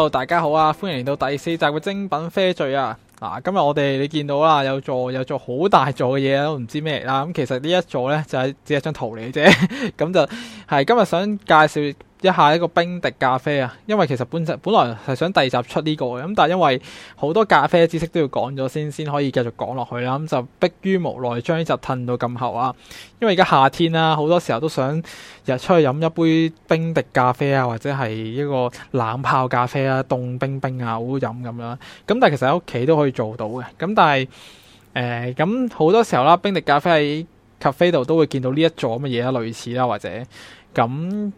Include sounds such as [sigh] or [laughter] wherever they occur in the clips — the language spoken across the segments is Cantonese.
Hello, 大家好啊，歡迎嚟到第四集嘅精品啡聚啊！嗱，今日我哋你見到啦，有座有座好大座嘅嘢都唔知咩嚟啦。咁其實呢一座咧，就係只係張圖嚟啫，咁就係今日想介紹。一下一個冰滴咖啡啊，因為其實本本來係想第二集出呢、這個嘅，咁但係因為好多咖啡知識都要講咗先，先可以繼續講落去啦，咁、嗯、就迫於無奈將呢集褪到咁後啊。因為而家夏天啦，好多時候都想日出去飲一杯冰滴咖啡啊，或者係一個冷泡咖啡啦，凍冰冰啊，好好飲咁樣。咁但係其實喺屋企都可以做到嘅。咁但係誒，咁、呃、好多時候啦，冰滴咖啡喺 cafe 度都會見到呢一座咁嘅嘢啦，類似啦，或者。咁可能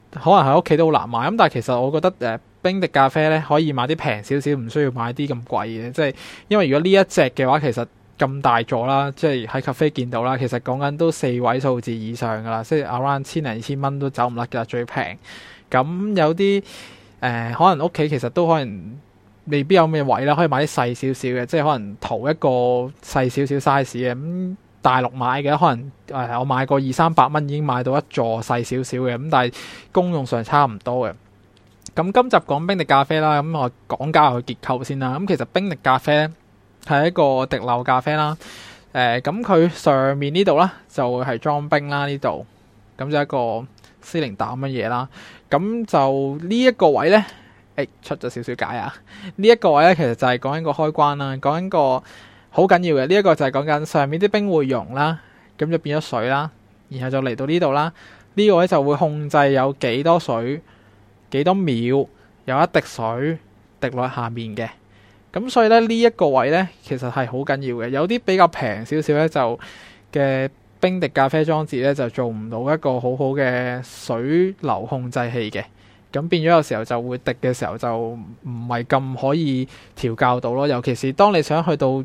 喺屋企都好難買，咁但係其實我覺得誒、呃、冰滴咖啡咧可以買啲平少少，唔需要買啲咁貴嘅。即係因為如果呢一隻嘅話，其實咁大座啦，即係喺咖啡店見到啦，其實講緊都四位數字以上噶啦，即係 around 千零二千蚊都走唔甩嘅最平。咁有啲誒、呃、可能屋企其實都可能未必有咩位啦，可以買啲細少少嘅，即係可能淘一個細少少 size 嘅咁。嗯大陸買嘅可能誒，我買過二三百蚊已經買到一座細少少嘅，咁但係功用上差唔多嘅。咁今集講冰滴咖啡啦，咁我講下佢結構先啦。咁其實冰滴咖啡係一個滴漏咖啡啦。誒、呃，咁佢上面呢度啦，就會、是、係裝冰啦。呢度咁就一個司令膽乜嘢啦。咁就呢一個位咧，誒、欸、出咗少少解啊。呢、這、一個位咧，其實就係講緊個開關啦，講緊個。好緊要嘅呢一個就係講緊上面啲冰會融啦，咁就變咗水啦，然後就嚟到呢度啦。呢個位咧，就會控制有幾多水，幾多秒有一滴水滴落下面嘅。咁所以咧，呢一個位咧，其實係好緊要嘅。有啲比較平少少咧，就嘅冰滴咖啡裝置咧，就做唔到一個好好嘅水流控制器嘅。咁變咗有時候就會滴嘅時候，就唔係咁可以調校到咯。尤其是當你想去到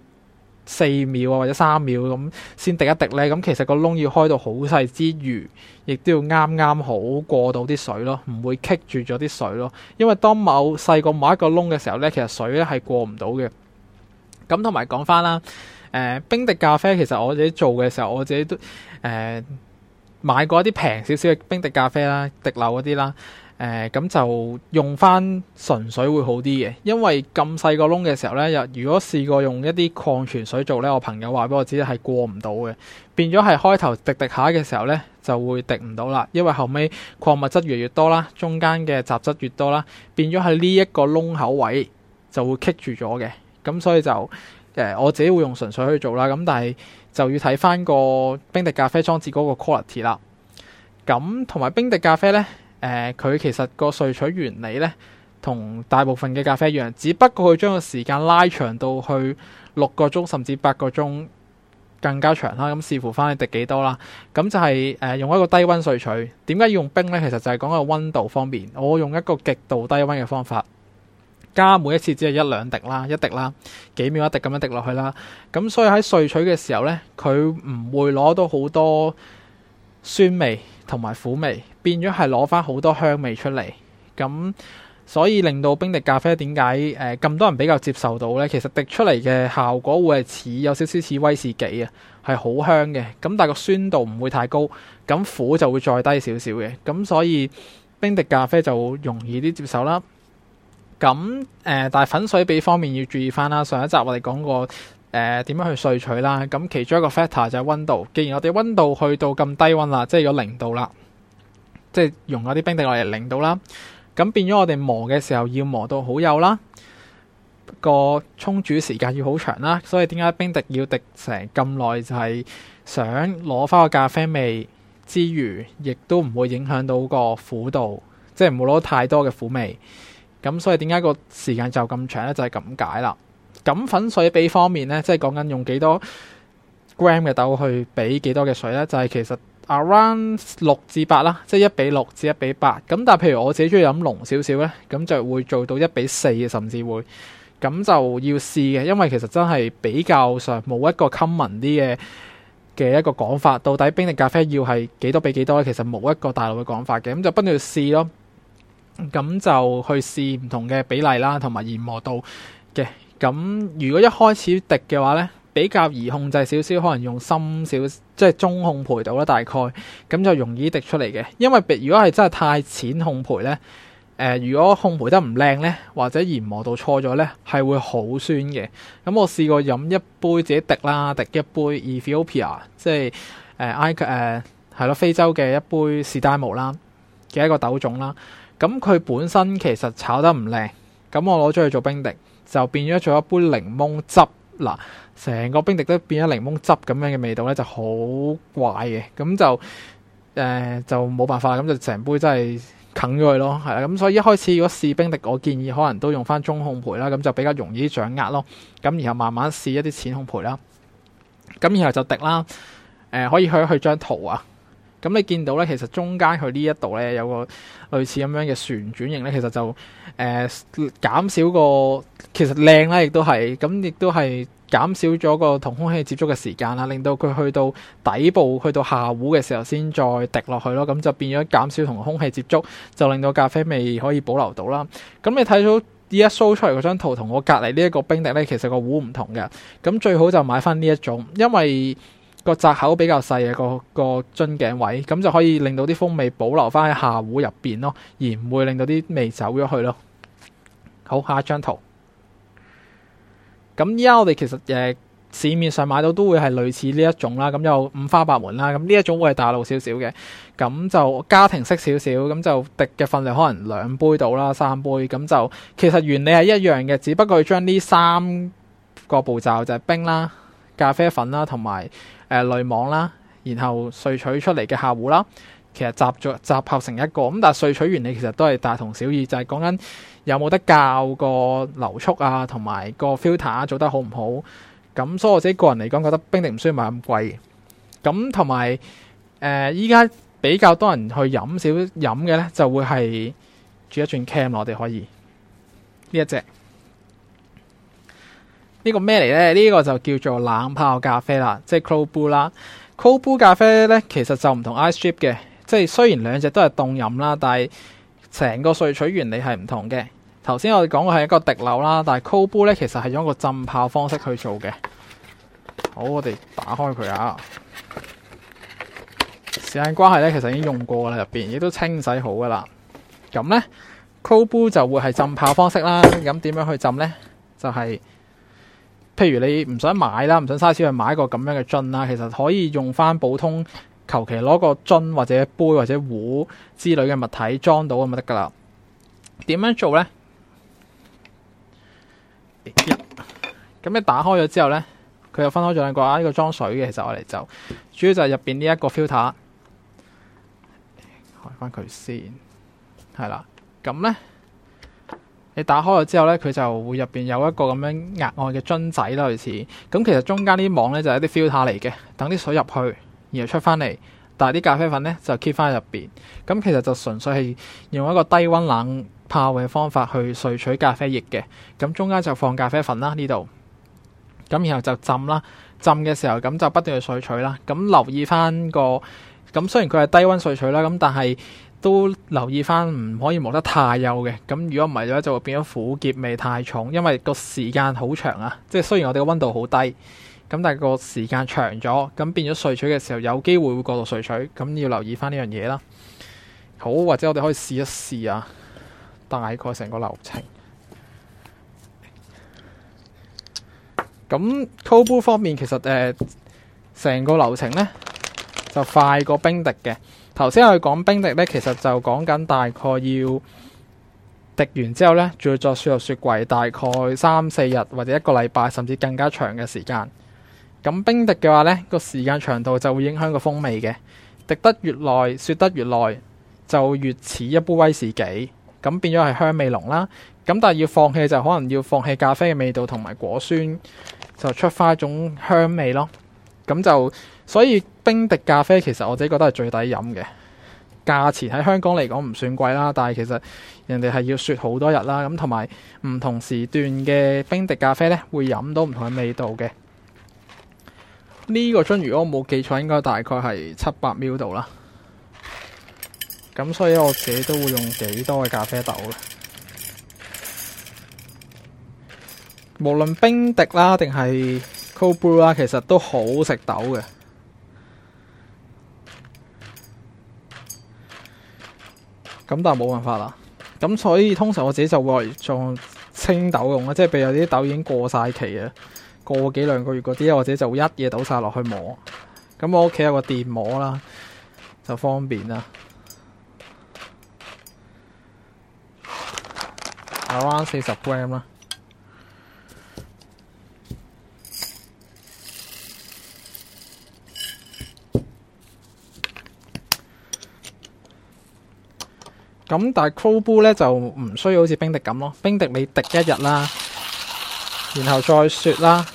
四秒啊，或者三秒咁先滴一滴呢。咁其實個窿要開到好細之餘，亦都要啱啱好過到啲水咯，唔會棘住咗啲水咯。因為當某細過某一個窿嘅時候呢，其實水呢係過唔到嘅。咁同埋講翻啦，誒、呃、冰滴咖啡其實我自己做嘅時候，我自己都誒、呃、買過一啲平少少嘅冰滴咖啡啦，滴漏嗰啲啦。誒咁、呃、就用翻純水會好啲嘅，因為咁細個窿嘅時候呢，又如果試過用一啲礦泉水做呢，我朋友話俾我知係過唔到嘅，變咗係開頭滴滴下嘅時候呢就會滴唔到啦，因為後尾礦物質越嚟越多啦，中間嘅雜質越多啦，變咗係呢一個窿口位就會棘住咗嘅，咁所以就誒、呃、我自己會用純水去做啦。咁但係就要睇翻個冰滴咖啡裝置嗰個 quality 啦。咁同埋冰滴咖啡呢。誒佢、呃、其實個萃取原理咧，同大部分嘅咖啡一樣，只不過佢將個時間拉長到去六個鐘甚至八個鐘更加長啦。咁視乎翻去滴幾多啦。咁就係、是、誒、呃、用一個低溫萃取。點解要用冰咧？其實就係講個溫度方面。我用一個極度低溫嘅方法，加每一次只係一兩滴啦，一滴啦，幾秒一滴咁樣滴落去啦。咁所以喺萃取嘅時候咧，佢唔會攞到好多酸味。同埋苦味，變咗係攞翻好多香味出嚟，咁所以令到冰滴咖啡點解誒咁多人比較接受到呢？其實滴出嚟嘅效果會係似有少少似威士忌啊，係好香嘅，咁但係個酸度唔會太高，咁苦就會再低少少嘅，咁所以冰滴咖啡就容易啲接受啦。咁誒、呃，但係粉水比方面要注意翻啦。上一集我哋講過。誒，點樣、呃、去萃取啦？咁其中一個 factor 就係溫度。既然我哋溫度去到咁低溫啦，即係如零度啦，即係用咗啲冰滴落嚟零度啦，咁變咗我哋磨嘅時候要磨到好幼啦，個沖煮時間要好長啦。所以點解冰滴要滴成咁耐就係想攞翻個咖啡味之餘，亦都唔會影響到個苦度，即係唔好攞太多嘅苦味。咁所以點解個時間就咁長咧？就係咁解啦。咁粉水比方面呢，即係講緊用幾多 gram 嘅豆去比幾多嘅水呢？就係其實 around 六至八啦，即係一比六至一比八。咁但係譬如我自己中意飲濃少少呢，咁就會做到一比四嘅，甚至會咁就要試嘅，因為其實真係比較上冇一個 common 啲嘅嘅一個講法，到底冰滴咖啡要係幾多比幾多呢？其實冇一個大陸嘅講法嘅，咁就不斷去試咯，咁就去試唔同嘅比例啦，同埋研磨度嘅。咁如果一開始滴嘅話咧，比較易控制少少，可能用深少即係中控培到啦。大概咁就容易滴出嚟嘅。因為，如果係真係太淺烘焙咧，誒、呃，如果烘焙得唔靚咧，或者研磨到錯咗咧，係會好酸嘅。咁我試過飲一杯自己滴啦，滴一杯 Ethiopia，即係誒埃克誒係咯，非洲嘅一杯 Sidamo 啦，嘅一個豆種啦。咁佢本身其實炒得唔靚，咁我攞咗嚟做冰滴，就變咗做一杯檸檬汁嗱，成個冰滴都變咗檸檬汁咁樣嘅味道咧，就好怪嘅，咁就誒、呃、就冇辦法，咁就成杯真係啃咗佢咯，係啦，咁所以一開始如果試冰滴，我建議可能都用翻中烘焙啦，咁就比較容易掌握咯，咁然後慢慢試一啲淺烘焙啦，咁然後就滴啦，誒、呃、可以去一去張圖啊。咁你見到咧，其實中間佢呢一度咧有個類似咁樣嘅旋轉型咧，其實就誒呃、減少個其實靚啦，亦都係咁，亦都係減少咗個同空氣接觸嘅時間啦，令到佢去到底部去到下壺嘅時候先再滴落去咯，咁就變咗減少同空氣接觸，就令到咖啡味可以保留到啦。咁你睇到依一 show 出嚟嗰張圖同我隔離呢一個冰滴咧，其實個壺唔同嘅，咁最好就買翻呢一種，因為。個窄口比較細嘅，嗰個樽頸位，咁就可以令到啲風味保留返喺下壺入邊咯，而唔會令到啲味走咗去咯。好，下一張圖。咁而家我哋其實誒、呃、市面上買到都會係類似呢一種啦，咁就五花八門啦。咁呢一種會係大路少少嘅，咁就家庭式少少，咁就滴嘅份量可能兩杯到啦，三杯。咁就其實原理係一樣嘅，只不過要將呢三個步驟就係、是、冰啦。咖啡粉啦，同埋誒濾網啦，然後萃取出嚟嘅客戶啦，其實集在集合成一個。咁但係萃取原理其實都係大同小異，就係講緊有冇得校個流速啊，同埋個 filter 做得好唔好。咁所以我自己個人嚟講，覺得冰滴唔需要買咁貴。咁同埋誒依家比較多人去飲少飲嘅咧，就會係煮一轉 cam，我哋可以呢一隻。這個呢個咩嚟呢？呢、這個就叫做冷泡咖啡啦，即係 cold b o e 啦。cold b o e 咖啡呢，其實就唔同 ice drip 嘅，即係雖然兩隻都係凍飲啦，但係成個萃取原理係唔同嘅。頭先我哋講嘅係一個滴漏啦，但係 cold b o e w 其實係用一個浸泡方式去做嘅。好，我哋打開佢啊。時間關係呢，其實已經用過啦，入邊亦都清洗好噶啦。咁呢，c o l d b o e 就會係浸泡方式啦。咁點樣去浸呢？就係、是。譬如你唔想買啦，唔想嘥錢去買一個咁樣嘅樽啦，其實可以用翻普通求其攞個樽或者杯或者壺之類嘅物體裝到咁就得噶啦。點樣做呢？一咁你打開咗之後呢，佢又分開咗兩個啊！呢個裝水嘅，其實我哋就主要就係入邊呢一個 filter。開翻佢先，係啦。咁呢。你打開咗之後呢，佢就會入邊有一個咁樣額外嘅樽仔類似。咁其實中間啲網呢，就係一啲 filter 嚟嘅，等啲水入去，然後出翻嚟。但係啲咖啡粉呢，就 keep 翻入邊。咁其實就純粹係用一個低温冷泡嘅方法去萃取咖啡液嘅。咁中間就放咖啡粉啦呢度。咁然後就浸啦，浸嘅時候咁就不斷去萃取啦。咁留意翻個，咁雖然佢係低温萃取啦，咁但係。都留意翻唔可以磨得太幼嘅，咁如果唔係嘅話就會變咗苦澀味太重，因為個時間好長啊，即係雖然我哋個溫度好低，咁但係個時間長咗，咁變咗萃取嘅時候有機會會過度萃取，咁要留意翻呢樣嘢啦。好，或者我哋可以試一試啊，大概成個流程。咁 cold brew 方面其實誒，成、呃、個流程呢，就快過冰滴嘅。頭先我哋講冰滴呢，其實就講緊大概要滴完之後呢，再再雪落雪櫃，大概三四日或者一個禮拜，甚至更加長嘅時間。咁冰滴嘅話呢，個時間長度就會影響個風味嘅。滴得越耐，雪得越耐，就越似一杯威士忌。咁變咗係香味濃啦。咁但係要放棄就可能要放棄咖啡嘅味道同埋果酸，就出返一種香味咯。咁就所以。冰滴咖啡其實我自己覺得都係最抵飲嘅，價錢喺香港嚟講唔算貴啦。但係其實人哋係要雪好多日啦。咁同埋唔同時段嘅冰滴咖啡呢，會飲到唔同嘅味道嘅。呢個樽如果我冇記錯，應該大概係七百 ml 度啦。咁所以我自己都會用幾多嘅咖啡豆嘅。無論冰滴啦，定係 Cold Brew 啦，其實都好食豆嘅。咁但係冇辦法啦，咁所以通常我自己就會做清豆用啦，即係比如有啲豆已經過晒期啊，過幾兩個月嗰啲，或者就一嘢倒晒落去磨，咁我屋企有個電磨啦，就方便啦。我安四十 gram 啦。咁但係 cold brew 咧就唔需要好似冰滴咁咯，冰滴你滴一日啦，然後再雪啦，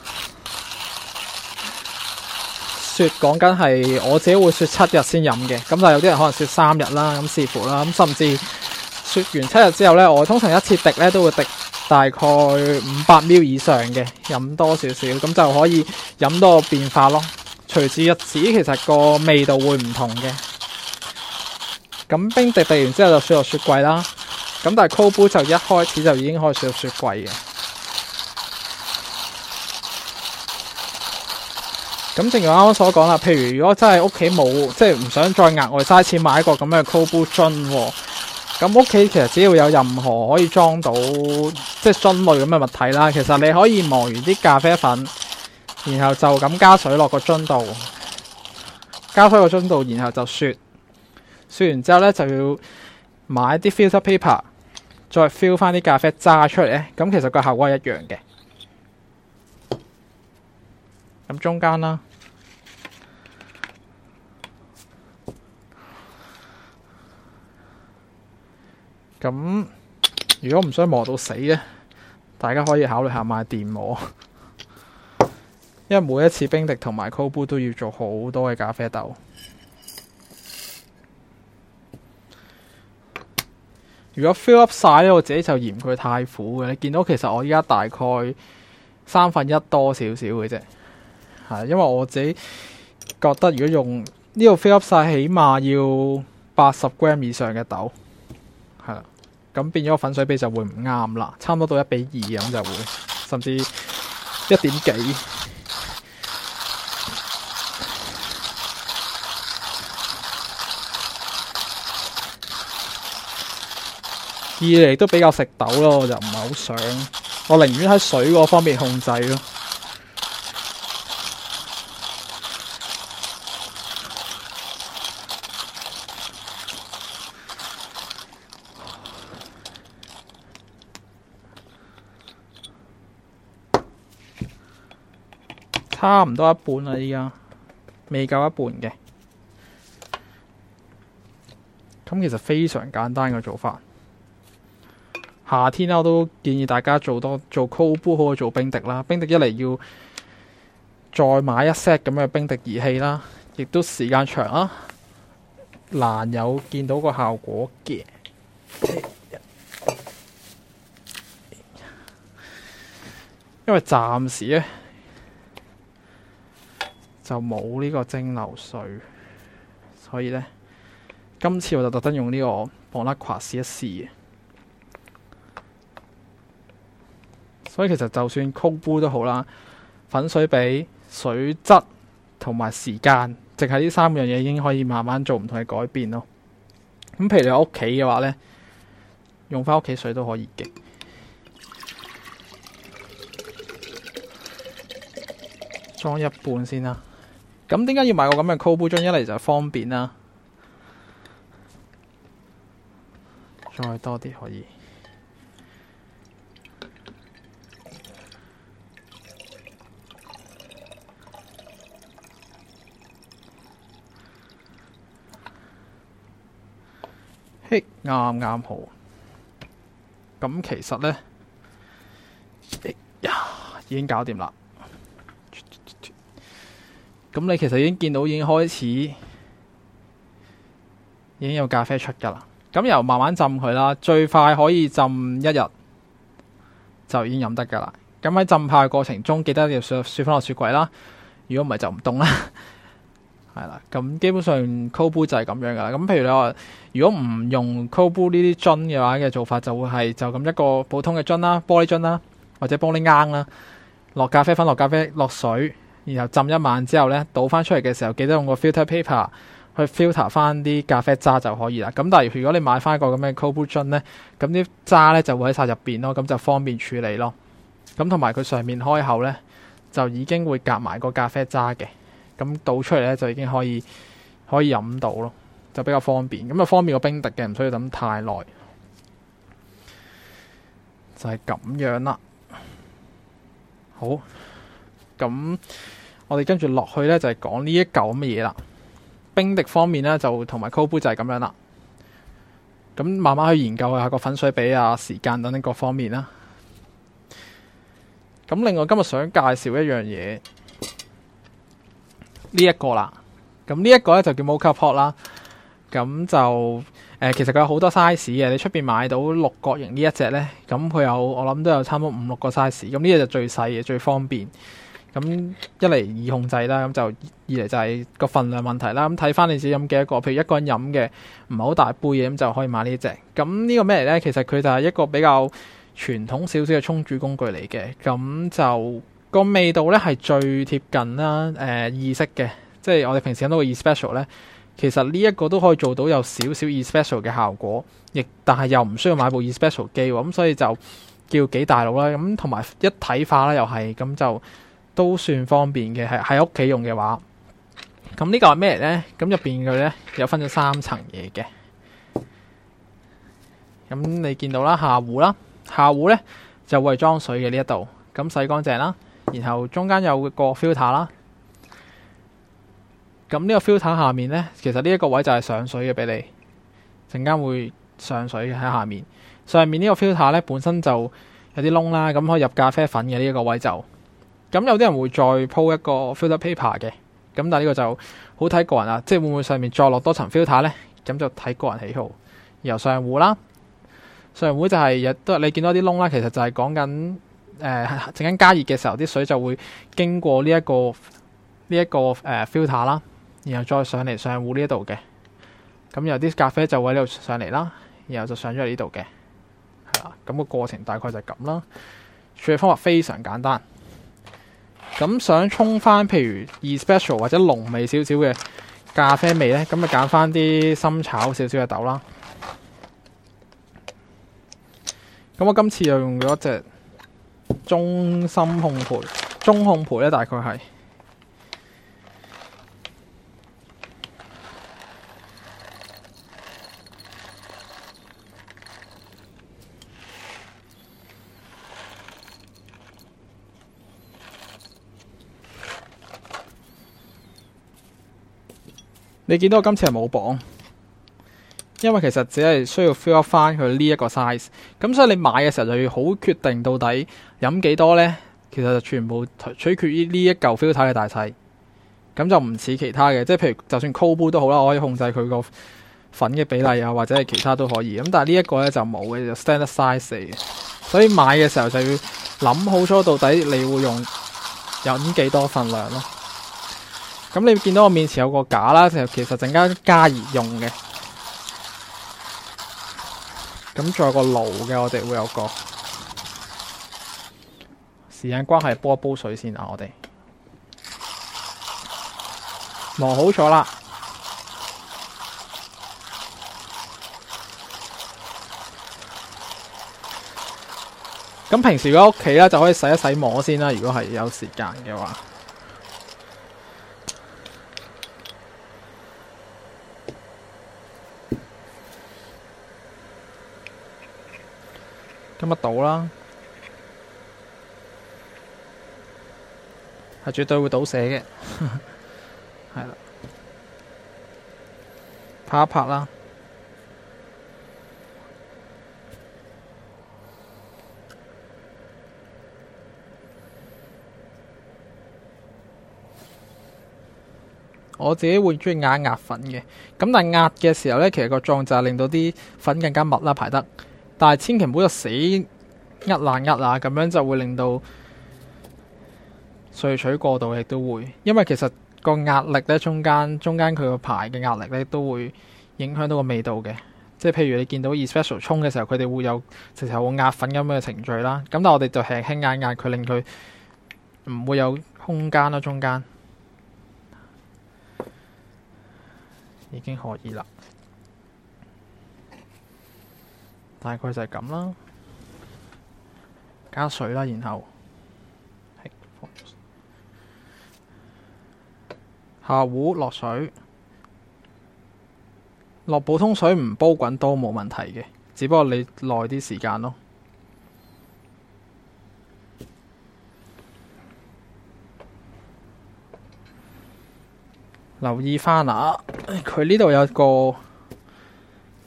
雪講緊係我自己會雪七日先飲嘅，咁但有啲人可能雪三日啦，咁視乎啦，咁甚至雪完七日之後呢，我通常一次滴呢都會滴大概五百 ml 以上嘅，飲多少少咁就可以飲多個變化咯，隨住日子其實個味道會唔同嘅。咁冰滴滴完之後就雪落雪櫃啦。咁但係 cold brew 就一開始就已經可以雪落雪櫃嘅。咁正如啱啱所講啦，譬如如果真係屋企冇，即係唔想再額外嘥錢買一個咁嘅 cold brew 樽，咁屋企其實只要有任何可以裝到即係樽類咁嘅物體啦，其實你可以磨完啲咖啡粉，然後就咁加水落個樽度，加水個樽度，然後就雪。燒完之後咧，就要買啲 filter paper，再 fill 翻啲咖啡渣出嚟咧。咁其實個效果係一樣嘅。咁中間啦。咁如果唔想磨到死咧，大家可以考慮下買電磨，因為每一次冰滴同埋 cold brew 都要做好多嘅咖啡豆。如果 fill up 晒咧，我自己就嫌佢太苦嘅。你見到其實我依家大概三分一多少少嘅啫，係因為我自己覺得如果用呢度 fill up 晒，起碼要八十 gram 以上嘅豆，係啦，咁變咗個粉水比就會唔啱啦，差唔多到一比二咁就會，甚至一點幾。二嚟都比較食豆咯，我就唔係好想。我寧願喺水嗰方面控制咯。差唔多一半啦，依家未夠一半嘅。咁其實非常簡單嘅做法。夏天啦，我都建議大家做多做 cold brew 可以做冰滴啦。冰滴一嚟要再買一 set 咁嘅冰滴儀器啦，亦都時間長啦，難有見到個效果嘅。因為暫時咧就冇呢個蒸餾水，所以咧今次我就特登用呢個 Bonaqua 試一試。所以其實就算 cold brew 都好啦，粉水比、水質同埋時間，淨係呢三樣嘢已經可以慢慢做唔同嘅改變咯。咁譬如你喺屋企嘅話呢，用返屋企水都可以嘅。裝一半先啦。咁點解要買個咁嘅 cold brew 樽？一嚟就方便啦。再多啲可以。啱啱好，咁其實呢，呀，已經搞掂啦。咁你其實已經見到已經開始，已經有咖啡出噶啦。咁由慢慢浸佢啦，最快可以浸一日，就已經飲得噶啦。咁喺浸泡嘅過程中，記得要雪雪翻，落雪櫃啦。如果唔係，就唔凍啦。係啦，咁基本上 cold brew 就係咁樣噶啦。咁譬如你話，如果唔用 cold brew 呢啲樽嘅話嘅做法，就會係就咁一個普通嘅樽啦，玻璃樽啦，或者玻璃缸啦，落咖啡粉，落咖啡，落水，然後浸一晚之後咧，倒翻出嚟嘅時候，記得用個 filter paper 去 filter 翻啲咖啡渣就可以啦。咁但係如果你買翻一個咁嘅 cold brew 樽咧，咁啲渣呢就會喺晒入邊咯，咁就方便處理咯。咁同埋佢上面開口呢，就已經會夾埋個咖啡渣嘅。咁倒出嚟咧，就已經可以可以飲到咯，就比較方便。咁啊，方便個冰滴嘅，唔需要等太耐。就係咁樣啦。好，咁我哋跟住落去呢，就係講呢一嚿咁嘅嘢啦。冰滴方面呢，就同埋 Cold Brew 就係咁樣啦。咁慢慢去研究下個粉水比啊、時間等等各方面啦。咁另外今日想介紹一樣嘢。呢一個啦，咁呢一個咧就叫 Moka Pot 啦，咁就誒其實佢有好多 size 嘅，你出邊買到六角形一隻呢一隻咧，咁佢有我諗都有差唔多五六個 size，咁呢嘢就最細嘅，最方便，咁一嚟易控制啦，咁就二嚟就係個份量問題啦，咁睇翻你自己飲嘅一個，譬如一個人飲嘅唔係好大杯嘢，咁就可以買呢隻。咁呢個咩咧？其實佢就係一個比較傳統少少嘅沖煮工具嚟嘅，咁就。個味道咧係最貼近啦，誒、呃、意式嘅，即係我哋平時講到個、espresso 咧，其實呢一個都可以做到有少少 espresso 嘅效果，亦但係又唔需要買部 espresso 機喎，咁、啊、所以就叫幾大佬啦，咁同埋一體化啦，又係咁就都算方便嘅，係喺屋企用嘅話，咁呢個係咩咧？咁入邊佢咧有分咗三層嘢嘅，咁你見到啦，下壺啦，下壺咧就會裝水嘅呢一度，咁洗乾淨啦。然後中間有個 filter 啦，咁呢個 filter 下面呢，其實呢一個位就係上水嘅，俾你，陣間會上水喺下面。上面呢個 filter 呢，本身就有啲窿啦，咁可以入咖啡粉嘅呢一個位就，咁有啲人會再鋪一個 filter paper 嘅，咁但係呢個就好睇個人啦，即係會唔會上面再落多層 filter 呢？咁就睇個人喜好。然後上壺啦，上壺就係日都你見到啲窿啦，其實就係講緊。誒，陣間加熱嘅時候，啲水就會經過呢、這、一個呢一、這個誒、呃、filter 啦，然後再上嚟上壺呢度嘅。咁有啲咖啡就會喺呢度上嚟啦，然後就上咗嚟呢度嘅。係啦，咁、那個過程大概就係咁啦。處理方法非常簡單。咁想沖翻譬如 espresso 或者濃味少少嘅咖啡味呢，咁咪揀翻啲深炒少少嘅豆啦。咁我今次又用咗一隻。中心控盤，中控盤咧大概係，你見到我今次係冇綁。因為其實只係需要 feel 翻佢呢一個 size，咁所以你買嘅時候就要好決定到底飲幾多呢？其實就全部取決於呢一嚿 feel 體嘅大細，咁就唔似其他嘅，即係譬如就算 coo 杯都好啦，我可以控制佢個粉嘅比例啊，或者係其他都可以。咁但係呢一個呢，就冇嘅，就 stand a r d size 嚟嘅，所以買嘅時候就要諗好咗到底你會用飲幾多份量咯。咁你見到我面前有個架啦，其實陣間加熱用嘅。咁仲有個爐嘅，我哋會有個時間關係，煲一煲水先啊！我哋磨好咗啦。咁平時如果屋企咧，就可以洗一洗磨先啦，如果係有時間嘅話。咁咪、嗯、倒啦，係絕對會倒瀉嘅，係 [laughs] 拍一拍啦。我自己會鍾意壓壓粉嘅，咁但係壓嘅時候咧，其實個狀就係令到啲粉更加密啦，排得。但係千祈唔好就死呃、爛呃啊！咁樣就會令到萃取過度，亦都會。因為其實個壓力咧，中間中間佢個排嘅壓力咧，都會影響到個味道嘅。即係譬如你見到 Espresso 沖嘅時候，佢哋會有直頭會壓粉咁嘅程序啦。咁但係我哋就輕輕壓壓佢，佢令佢唔會有空間咯。中間已經可以啦。大概就係咁啦，加水啦，然後下壺落水，落普通水唔煲滾都冇問題嘅，只不過你耐啲時間咯。留意返喇，佢呢度有個，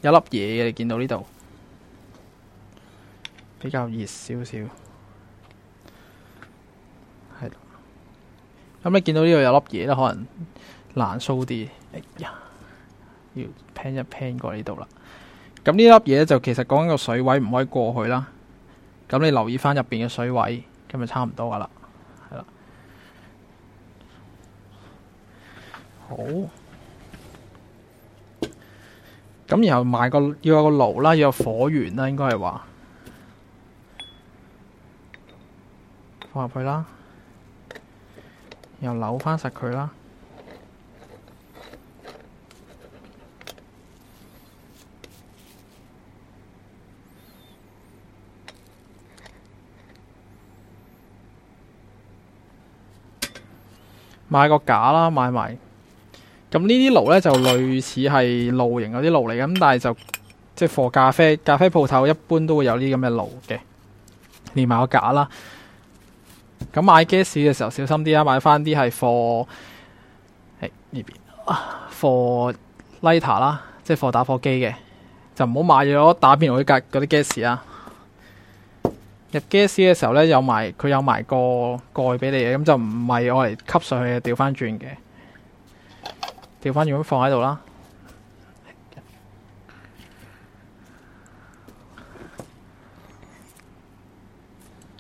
有粒嘢嘅，你見到呢度。比較熱少少，係咁你見到呢度有粒嘢咧，可能難掃啲。哎呀，要拼一拼過呢度啦。咁呢粒嘢就其實講緊個水位唔可以過去啦。咁你留意翻入邊嘅水位，咁就差唔多噶啦，係啦。好，咁然後買個要有個爐啦，要有火源啦，應該係話。放入去啦，又扭翻實佢啦，買個架啦，買埋。咁呢啲爐咧就類似係露營嗰啲爐嚟嘅，咁但係就即係放咖啡，咖啡鋪頭一般都會有呢啲咁嘅爐嘅，連埋個架啦。咁買 gas 嘅時候小心啲啦。買翻啲係貨，喺呢邊啊，貨 lighter 啦，即係貨打火機嘅，就唔好買咗打邊爐啲隔嗰啲 gas 啊！入 gas 嘅時候咧，有埋佢有埋個蓋俾你，嘅，咁就唔係攞嚟吸上去，嘅，掉翻轉嘅，掉翻轉咁放喺度啦。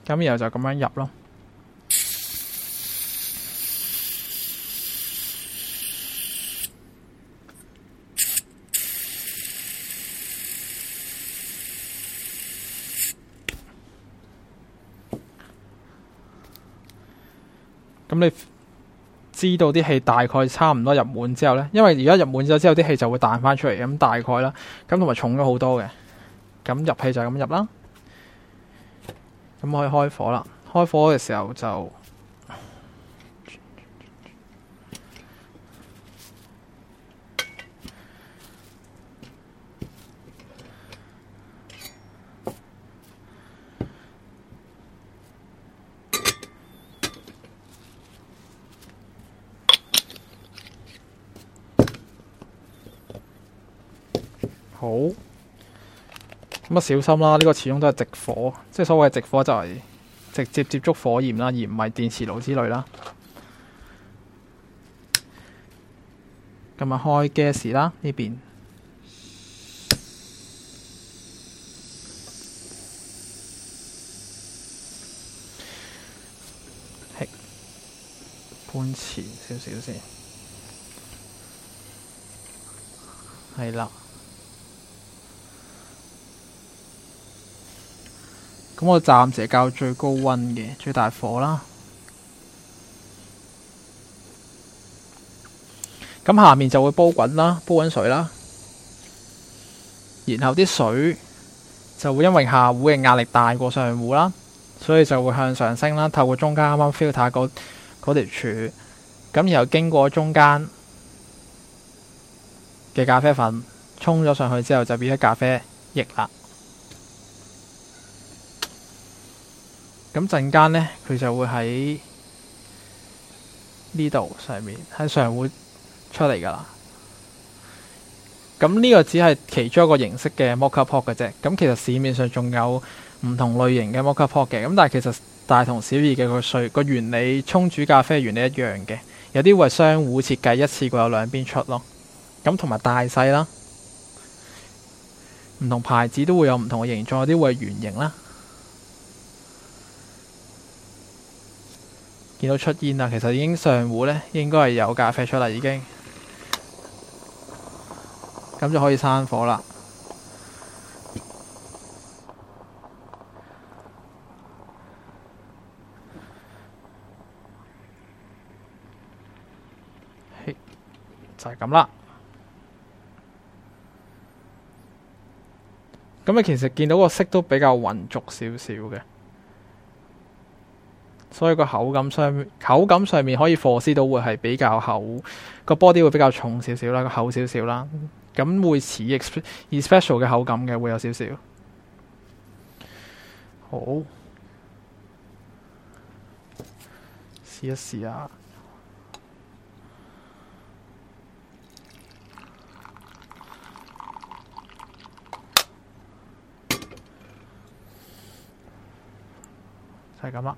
咁然後就咁樣入咯。咁你知道啲氣大概差唔多入滿之後呢？因為而家入滿咗之後啲氣就會彈翻出嚟，咁大概啦，咁同埋重咗好多嘅，咁入氣就係咁入啦，咁可以開火啦，開火嘅時候就。好咁啊、嗯，小心啦！呢、這個始終都係直火，即係所謂直火就係直接接觸火焰啦，而唔係電磁爐之類啦。咁日開嘅 a 啦呢邊，嘿，溫遲少少先，係啦。咁我暫時調最高溫嘅最大火啦。咁下面就會煲滾啦，煲滾水啦。然後啲水就會因為下壺嘅壓力大過上壺啦，所以就會向上升啦，透過中間啱啱 filter 嗰嗰條柱，咁然後經過中間嘅咖啡粉衝咗上去之後，就變成咖啡液啦。咁陣間呢，佢就會喺呢度上面喺上面會出嚟噶啦。咁呢個只係其中一個形式嘅 Mockup、ok、摩卡 p 嘅啫。咁其實市面上仲有唔同類型嘅 Mockup、ok、摩卡 p 嘅。咁但係其實大同小異嘅個水個原理沖煮咖啡原理一樣嘅。有啲為雙壺設計，一次過有兩邊出咯。咁同埋大細啦，唔同牌子都會有唔同嘅形狀，有啲為圓形啦。見到出煙啦，其實已經上壺咧，應該係有咖啡出啦，已經咁就可以閂火啦。就係咁啦。咁你其實見到個色都比較渾濁少少嘅。所以個口感上，口感上面可以，霍斯都會係比較厚，個波啲會比較重少少啦，個厚少少啦，咁會似 espresso 嘅口感嘅，會有少少。好，試一試啊！就係咁啦。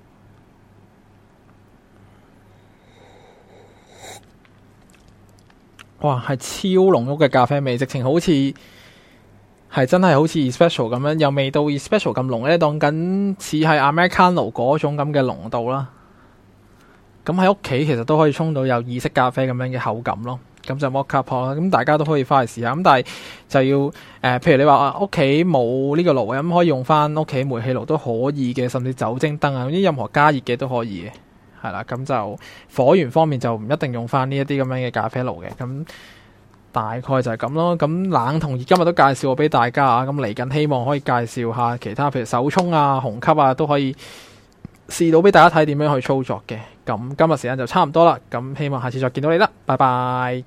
哇，係超濃郁嘅咖啡味，直情好似係真係好似 espresso 咁樣，又未到，espresso 咁濃咧，當緊似係 Americano 爐嗰種咁嘅濃度啦。咁喺屋企其實都可以沖到有意式咖啡咁樣嘅口感咯。咁就 Moka pot 啦，咁大家都可以翻嚟試下。咁但係就要誒、呃，譬如你話屋企冇呢個爐啊，咁可以用翻屋企煤氣爐都可以嘅，甚至酒精燈啊，啲任何加熱嘅都可以嘅。係啦，咁就火源方面就唔一定用翻呢一啲咁樣嘅咖啡爐嘅，咁大概就係咁咯。咁冷同熱今日都介紹我俾大家啊，咁嚟緊希望可以介紹下其他，譬如手沖啊、虹吸啊，都可以試到俾大家睇點樣去操作嘅。咁今日時間就差唔多啦，咁希望下次再見到你啦，拜拜。